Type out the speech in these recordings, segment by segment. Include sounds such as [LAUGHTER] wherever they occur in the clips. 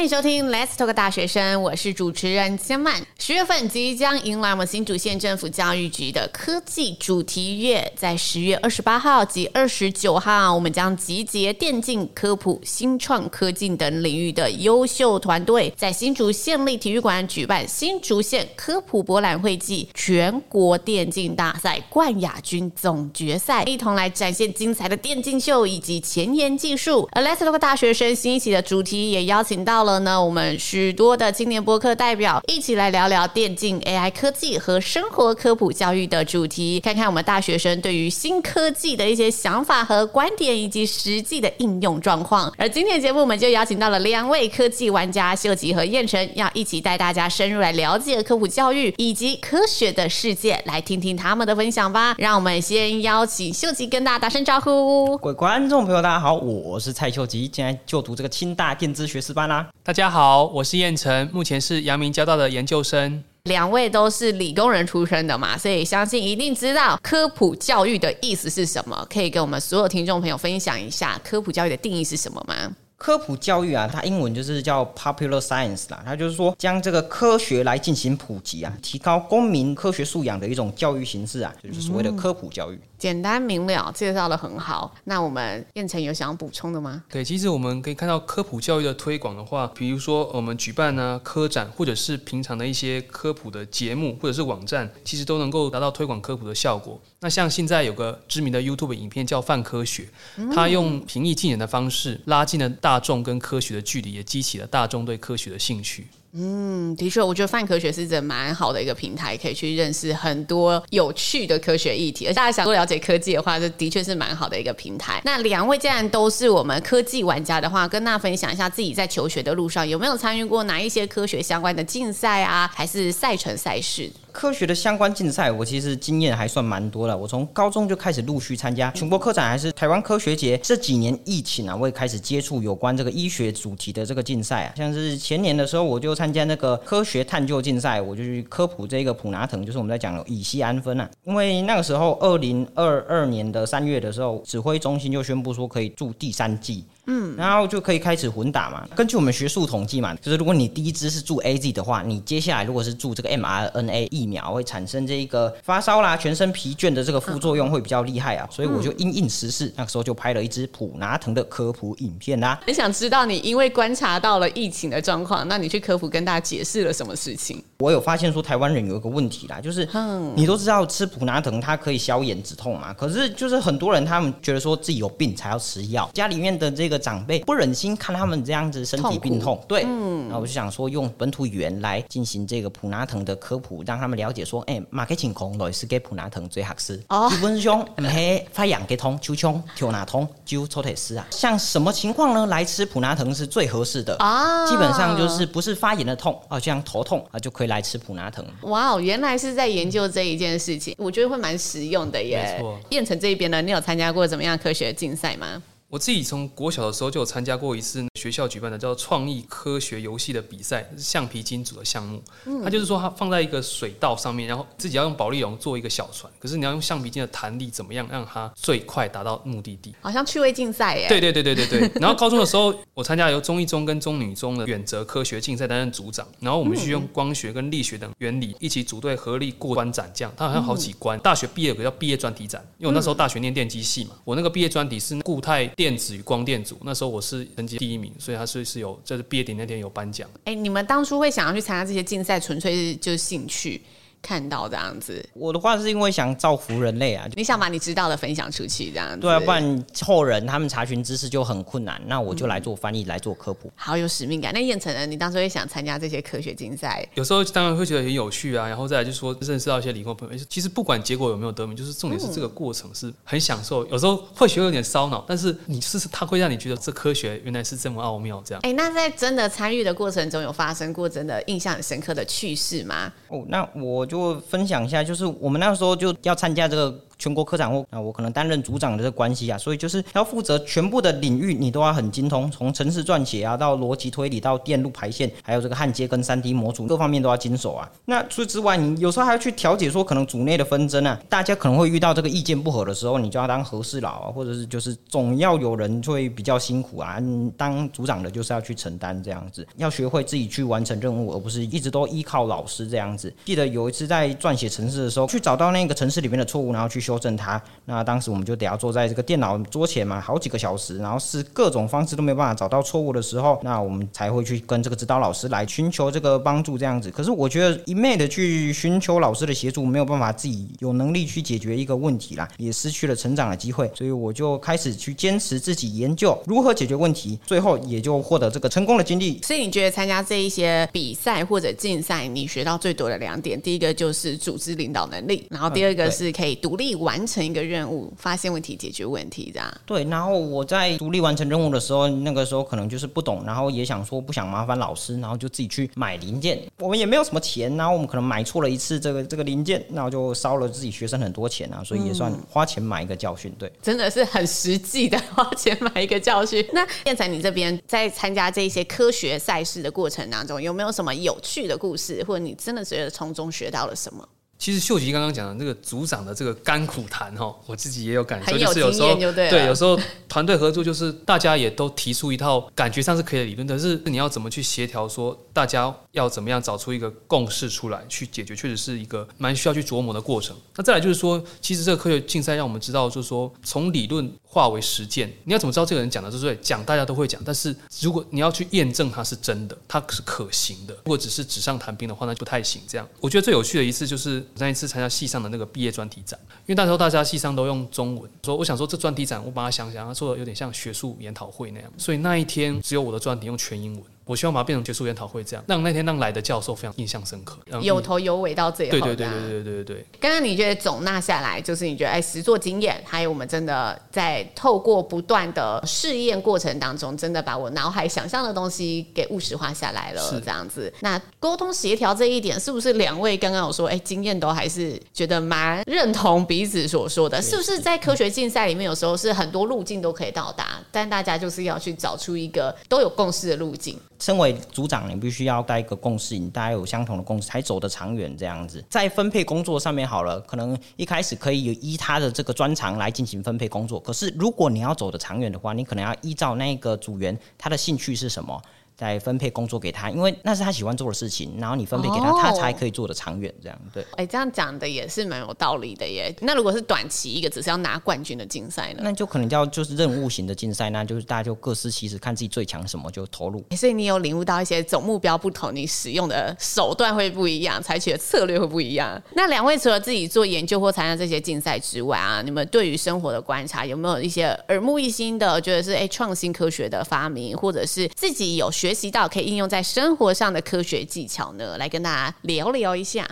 歡迎收聽《Let's Talk 大學生》，我是主持人千曼。十月份即將迎來我們新竹縣政府教育局的科技主題月，在十月二十八號及二十九號，我們將集結電競、科普、新創、科技等領域的優秀團隊，在新竹縣立體育館舉辦新竹縣科普博覽會暨全國電競大賽冠亞軍總決賽，一同來展現精彩的電競秀以及前沿技術。而《Let's Talk 大學生》新一期的主題也邀請到了。那我們許多的青年播客代表一起來聊聊電競、AI 科技和生活科普教育的主題，看看我們大學生對於新科技的一些想法和觀點，以及實際的應用狀況。而今天的節目，我們就邀請到了兩位科技玩家秀吉和彥丞，要一起帶大家深入來了解科普教育以及科學的世界，來聽聽他們的分享吧。讓我們先邀請秀吉跟大家打聲招呼。各位觀眾朋友，大家好，我是蔡秀吉，今天就讀這個清大電子學士班啦、啊。大家好，我是彥丞。目前是陽明交大的研究生。兩位都是理工人出身的嘛，所以相信一定知道科普教育的意思是什麼。可以跟我們所有聽眾朋友分享一下科普教育的定義是什麼嗎？科普教育啊，它英文就是叫 popular science 啦，它就是說，將這個科學來進行普及啊，提高公民科學素養的一種教育形式啊，就是所謂的科普教育。嗯簡單明了，介紹得很好。那我們彥丞有想要補充的嗎？對，其實我們可以看到科普教育的推廣的話，比如說我們舉辦呢、啊、科展，或者是平常的一些科普的節目，或者是網站，其實都能夠達到推廣科普的效果。那像現在有個知名的 YouTube 影片叫“泛科學”，嗯、它用平易近人的方式拉近了大眾跟科學的距離，也激起了大眾對科學的興趣。嗯，的確，我覺得泛科學是真蠻好的一個平台，可以去認識很多有趣的科學議題。而且大家想多了解科技的話，這的確是蠻好的一個平台。那兩位既然都是我們科技玩家的話，跟大家分享一下自己在求學的路上有沒有參與過哪一些科學相關的競賽啊，還是賽程賽事？科學的相關競賽，我其實經驗還算蠻多了。我從高中就開始陸續參加全國科展，還是台灣科學節。這幾年疫情啊，我也開始接觸有關這個醫學主題的這個競賽啊，像是前年的時候，我就參加那個科學探究競賽，我就去科普這個普拿疼，就是我們在講的乙醯胺酚啊。因為那個時候，二零二二年的三月的時候，指揮中心就宣布說可以注第三劑。嗯，然後就可以開始混打嘛。根據我們學術統計嘛，就是如果你第一支是注 AZ 的話，你接下來如果是注這個 mRNA 疫苗，會產生這個發燒啦、全身疲倦的這個副作用會比較厲害啊。所以我就因應時事，那個時候就拍了一支普拿疼的科普影片啦。很想知道你因為觀察到了疫情的狀況，那你去科普跟大家解釋了什麼事情？我有發現說台灣人有一個問題啦，就是你都知道吃普拿疼它可以消炎止痛嘛，可是就是很多人他們覺得說自己有病才要吃藥，家裡面的這個長輩不忍心看他們這樣子身體病痛，痛苦對，嗯，然後我就想說用本土語言來進行這個普拿疼的科普，讓他們了解說，哎、欸，馬個情況師給普拿疼最合適，哦、基本上唔係、嗯、 [LAUGHS] 發癢給痛，就衝跳拿痛就抽腿死啊，像什麼情況呢？來吃普拿疼是最合適的，啊、基本上就是不是發炎的痛啊，像頭痛啊就可以了。來吃普拿疼，哇哦！原來是在研究這一件事情，嗯、我覺得會蠻實用的耶。彥丞沒錯。這一邊呢，你有參加過怎麼樣的科學競賽嗎？我自己從國小的時候就有參加過一次學校舉辦的叫做創意科學遊戲的比賽，橡皮筋組的項目。嗯，它就是說，它放在一個水道上面，然後自己要用保麗龍做一個小船，可是你要用橡皮筋的彈力怎麼樣讓它最快達到目的地？好像趣味競賽耶。對對對對對對。 [LAUGHS] 然後高中的時候，我參加由中一中跟中女中的遠哲科學競賽擔任組長，然後我們去用光學跟力學等原理一起組隊合力過關斬將，它好像好幾關。嗯、大學畢業有個叫畢業專題展，因為我那時候大學唸電機系嘛，我那個畢業專題是固態。電子與光電組，那時候我是成績第一名，所以他是是有就是畢業典禮那天有頒獎。哎、欸，你們當初會想要去參加這些競賽，純粹是就是興趣。看到這樣子，我的話是因為想造福人類啊！欸、你想把你知道的分享出去，這樣子。對啊，不然後人他們查詢知識就很困難。那我就來做翻譯，嗯、來做科普。好有使命感。那彥丞呢，你當時會想參加這些科學競賽？有時候當然會覺得很有趣啊，然後再來就說認識到一些理工朋友。其實不管結果有沒有得名，就是重點是這個過程是很享受。有時候或許會有點燒腦，但是你試試他會讓你覺得這科學原來是這麼奧妙這樣。哎、欸，那在真的參與的過程中，有發生過真的印象很深刻的趣事嗎？哦，那我。就分享一下，就是我們那時候就要參加這個，全國科展，我啊，我可能擔任組長的這個關係啊，所以就是要負責全部的領域，你都要很精通，從程式撰寫啊，到邏輯推理，到電路排線，還有這個焊接跟三 D 模組，各方面都要經手啊。那除此之外，你有時候還要去調解說可能組內的紛爭啊，大家可能會遇到這個意見不合的時候，你就要當和事佬，或者是就是總要有人會比較辛苦啊。嗯，當組長的就是要去承擔這樣子，要學會自己去完成任務，而不是一直都依靠老師這樣子。記得有一次在撰寫程式的時候，去找到那個程式裡面的錯誤，然後去學修正它，那當時我們就得要坐在這個電腦桌前嘛，好幾個小時，然後是各種方式都沒有辦法找到錯誤的時候，那我們才會去跟這個指導老師來尋求這個幫助，這樣子。可是我覺得一昧的去尋求老師的協助，沒有辦法自己有能力去解決一個問題啦，也失去了成長的機會。所以我就開始去堅持自己研究如何解決問題，最後也就獲得這個成功的經歷。所以你覺得參加這一些比賽或者競賽，你學到最多的兩點，第一個就是組織領導能力，然後第二個是可以獨立。完成一個任務，發現問題，解決問題，這樣。對，然後我在獨立完成任務的時候，那個時候可能就是不懂，然後也想說不想麻煩老師，然後就自己去買零件。我們也沒有什麼錢，然後我們可能買錯了一次這個這個零件，然後就燒了自己學生很多錢啊，所以也算花錢買一個教訓。嗯、對，真的是很實際的花錢買一個教訓。 [LAUGHS] 那彥丞你這邊在參加這一些科學賽事的過程當中，有沒有什麼有趣的故事，或者你真的覺得從中學到了什麼？其實秀吉剛剛講的那個組長的這個甘苦談哈，我自己也有感受，就是有時候對，有時候團隊合作就是大家也都提出一套感覺上是可以的理論，但是你要怎麼去協調，說大家要怎麼樣找出一個共識出來去解決，確實是一個蠻需要去琢磨的過程。那再來就是說，其實這個科學競賽讓我們知道，就是說從理論化為實踐，你要怎麼知道這個人講的是對？講大家都會講，但是如果你要去驗證它是真的，它是可行的，如果只是紙上談兵的話，那就不太行。這樣，我覺得最有趣的一次就是。那一次參加系上的那個畢業專題展，因為那時候大家系上都用中文說，我想說這專題展我把它想想，要做的有點像學術研討會那樣，所以那一天只有我的專題用全英文。我希望把它變成學術研討會這樣，讓那天讓來的教授非常印象深刻，有頭有尾到最後。對對對對對對對對。剛剛你覺得總納下來，就是你覺得哎，實作經驗，還有我們真的在透過不斷的試驗過程當中，真的把我腦海想象的東西給務實化下來了，是這樣子。那溝通協調這一點，是不是兩位剛剛有說，哎，經驗都還是覺得蠻認同彼此所說的？是不是在科學競賽裡面，有時候是很多路徑都可以到達，但大家就是要去找出一個都有共識的路徑。身為組長，你必須要帶一個共識，你大家有相同的共識才走得長遠。這樣子，在分配工作上面好了，可能一開始可以有依他的這個專長來進行分配工作。可是，如果你要走得長遠的話，你可能要依照那個組員他的興趣是什麼。在分配工作給他，因為那是他喜歡做的事情。然後你分配給他，oh. 他才可以做的長遠、欸。這樣對。哎，這樣講的也是蠻有道理的耶。那如果是短期一個，只是要拿冠軍的競賽呢？那就可能叫就是任務型的競賽，嗯、那就是大家就各司其職，看自己最強什麼就投入、欸。所以你有領悟到一些總目標不同，你使用的手段會不一樣，採取的策略會不一樣。那兩位除了自己做研究或參加這些競賽之外啊，你們對於生活的觀察有沒有一些耳目一新的？覺得是哎，創、欸、新科學的發明，或者是自己有學。學習到可以應用在生活上的科學技巧呢？來跟大家聊聊一下。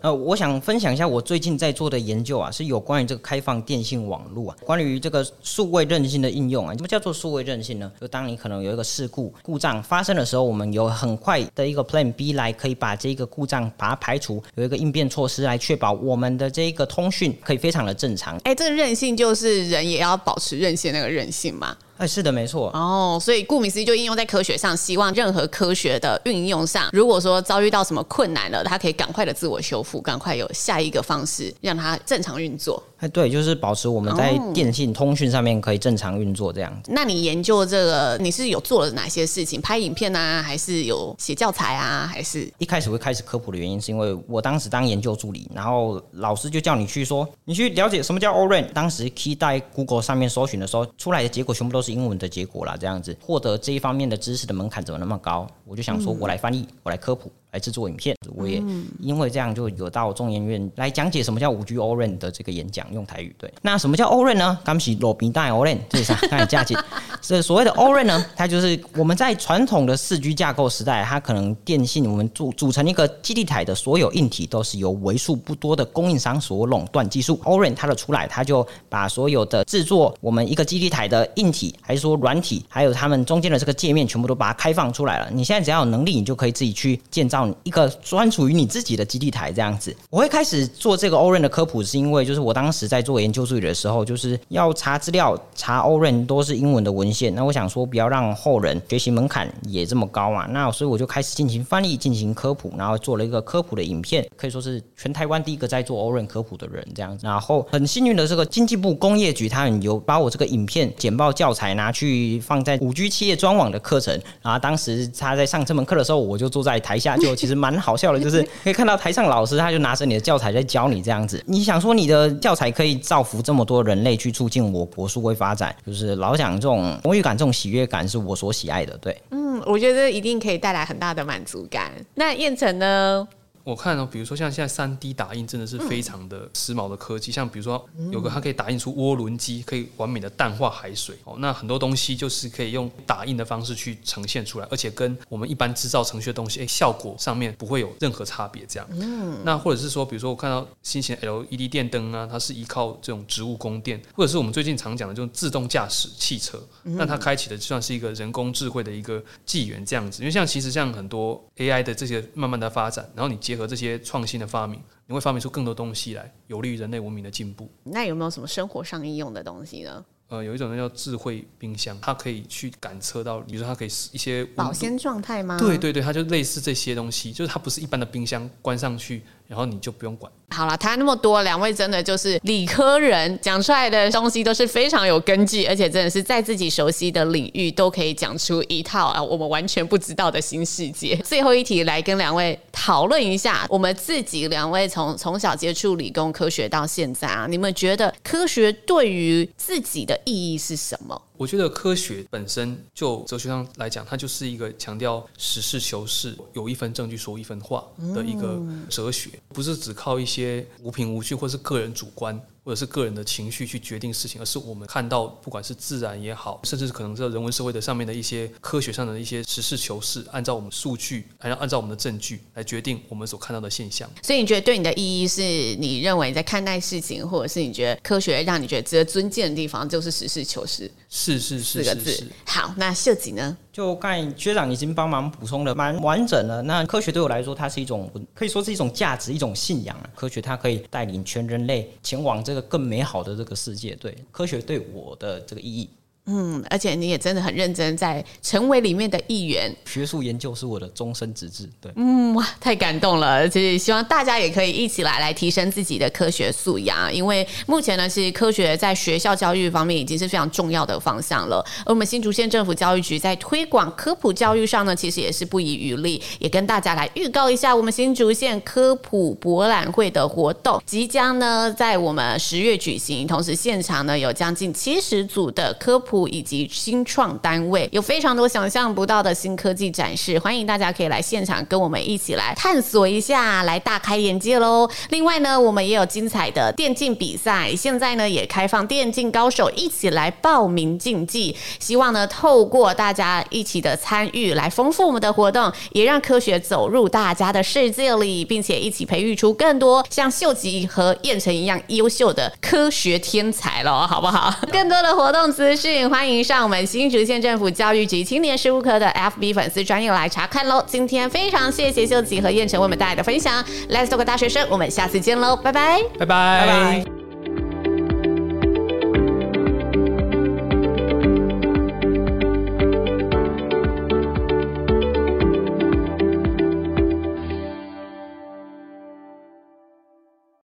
呃，我想分享一下我最近在做的研究啊，是有關於這個開放電信網絡啊，關於這個數位韌性的應用啊。什麼叫做數位韌性呢？就當你可能有一個事故故障發生的時候，我們有很快的一個 Plan B 來可以把這個故障把它排除，有一個應變措施來確保我們的這一個通訊可以非常的正常。哎、欸，這個韌性就是人也要保持韌性那個韌性嘛？哎，是的，沒錯。哦，所以顧名思義，就應用在科學上，希望任何科學的運用上，如果說遭遇到什麼困難了，他可以趕快的自我修復，趕快有下一個方式讓它正常運作。誒對，就是保持我們在電信通訊上面可以正常運作這樣子。那你研究這個，你是有做了哪些事情？拍影片啊，還是有寫教材啊，還是一開始會開始科普的原因？是因為我當時當研究助理，然後老師就叫你去說，你去了解什麼叫 O-RAN。當時 key 在 Google 上面搜尋的時候，出來的結果全部都是英文的結果啦。這樣子獲得這一方面的知識的門檻怎麼那麼高？我就想說，我來翻譯，我來科普。來制作影片，我也因為這樣就有到中研院來講解什麼叫五 G O-RAN 的這個演講，用台語對。那什麼叫 O-RAN 呢？剛是羅屏帶 O-RAN 這是它的價錢。這所謂的 O-RAN 呢，它就是我們在傳統的四 G 架構時代，它可能電信我們組組成一個基地台的所有硬體都是由為數不多的供應商所壟斷技術。O-RAN 它的出來，它就把所有的制作我們一個基地台的硬體，還是說軟體，還有他們中間的這個界面，全部都把它開放出來了。你現在只要有能力，你就可以自己去建造。到一個專屬於你自己的基地台這樣子。我會開始做這個 O-RAN 的科普，是因為就是我當時在做研究助理的時候，就是要查資料，查 O-RAN 都是英文的文獻。那我想說，不要讓後人學習門檻也這麼高嘛。那所以我就開始進行翻譯，進行科普，然後做了一個科普的影片，可以說是全台灣第一個在做 O-RAN 科普的人這樣子。然後很幸運的，這個經濟部工業局他很有把我這個影片、簡報教材拿去放在五 G 企業專網的課程。然後當時他在上這門課的時候，我就坐在台下就。 [LAUGHS] 其實蠻好笑的，就是可以看到台上老師，他就拿着你的教材在教你這樣子。你想說你的教材可以造福這麼多人類，去促進我國書會發展，就是老講這種榮譽感、這種喜悅感是我所喜愛的。對，嗯，我覺得一定可以帶來很大的滿足感。那彥丞呢？我看到，哦，比如說像現在三 D 打印，真的是非常的時髦的科技，像比如說有個它可以打印出渦輪機，可以完美的淡化海水哦。那很多東西就是可以用打印的方式去呈現出來，而且跟我們一般制造程序的東西，哎，效果上面不會有任何差別。這樣，嗯，那或者是說，比如說我看到新型 LED 電燈啊，它是依靠這種植物供電，或者是我們最近常講的這種自動駕駛汽車，那它開啟的就算是一個人工智慧的一個紀元這樣子。因為像其實像很多 AI 的這些慢慢的發展，然後你接。和這些創新的發明，你會發明出更多東西來，有利於人類文明的進步。那有沒有什麼生活上應用的東西呢？呃，有一種叫智慧冰箱，它可以去感測到，比如說它可以一些保鮮狀態嗎？對對對，它就類似這些東西，就是它不是一般的冰箱，關上去。然後你就不用管。好了，談那麼多，兩位真的就是理科人，講出來的東西都是非常有根據，而且真的是在自己熟悉的領域都可以講出一套啊，我們完全不知道的新世界。最後一題來跟兩位討論一下，我們自己兩位從從小接觸理工科學到現在啊，你們覺得科學對於自己的意義是什麼？我覺得科學本身就哲學上來講，它就是一個強調實事求是，有一分證據說一分話的一個哲學，不是只靠一些無憑無據或是個人主觀。或者是個人的情緒去決定事情，而是我們看到不管是自然也好，甚至是可能在人文社會的上面的一些科學上的一些實事求是，按照我們數據，還要按照我們的證據來決定我們所看到的現象。所以你覺得對你的意義是，你認為你在看待事情，或者是你覺得科學讓你覺得值得尊敬的地方，就是實事求是，是是是，是，是，是四個字。好，那秀吉呢？就看學長已經幫忙補充了，蠻完整了。那科學對我來說，它是一種可以說是一種價值，一種信仰啊。科學它可以帶領全人類前往這個更美好的這個世界。對，科學對我的這個意義。嗯，而且你也真的很認真，在成為裡面的一員。學術研究是我的終身職志，對。嗯哇，太感動了！而且希望大家也可以一起來來提升自己的科學素養，因為目前呢是科學在學校教育方面已經是非常重要的方向了。而我們新竹縣政府教育局在推廣科普教育上呢，其實也是不遺餘力，也跟大家來預告一下我們新竹縣科普博覽會的活動即將呢在我們十月舉行，同時現場呢有將近七十組的科普。以及新創單位有非常多想象不到的新科技展示，歡迎大家可以來現場跟我們一起來探索一下，來大開眼界嘍！另外呢，我們也有精彩的電競比賽，現在呢也開放電競高手一起來報名競技，希望呢透過大家一起的參與來豐富我們的活動，也讓科學走入大家的世界裡，並且一起培育出更多像秀吉和彥丞一樣優秀的科學天才嘍，好不好？更多的活動資訊。歡迎上我們新竹縣政府教育局青年事務科的 FB 粉絲專頁來查看嘍！今天非常謝謝秀吉和彥丞為我們帶來的分享，Let's talk 大學生，我們下次見嘍，拜拜，拜拜 bye，拜拜。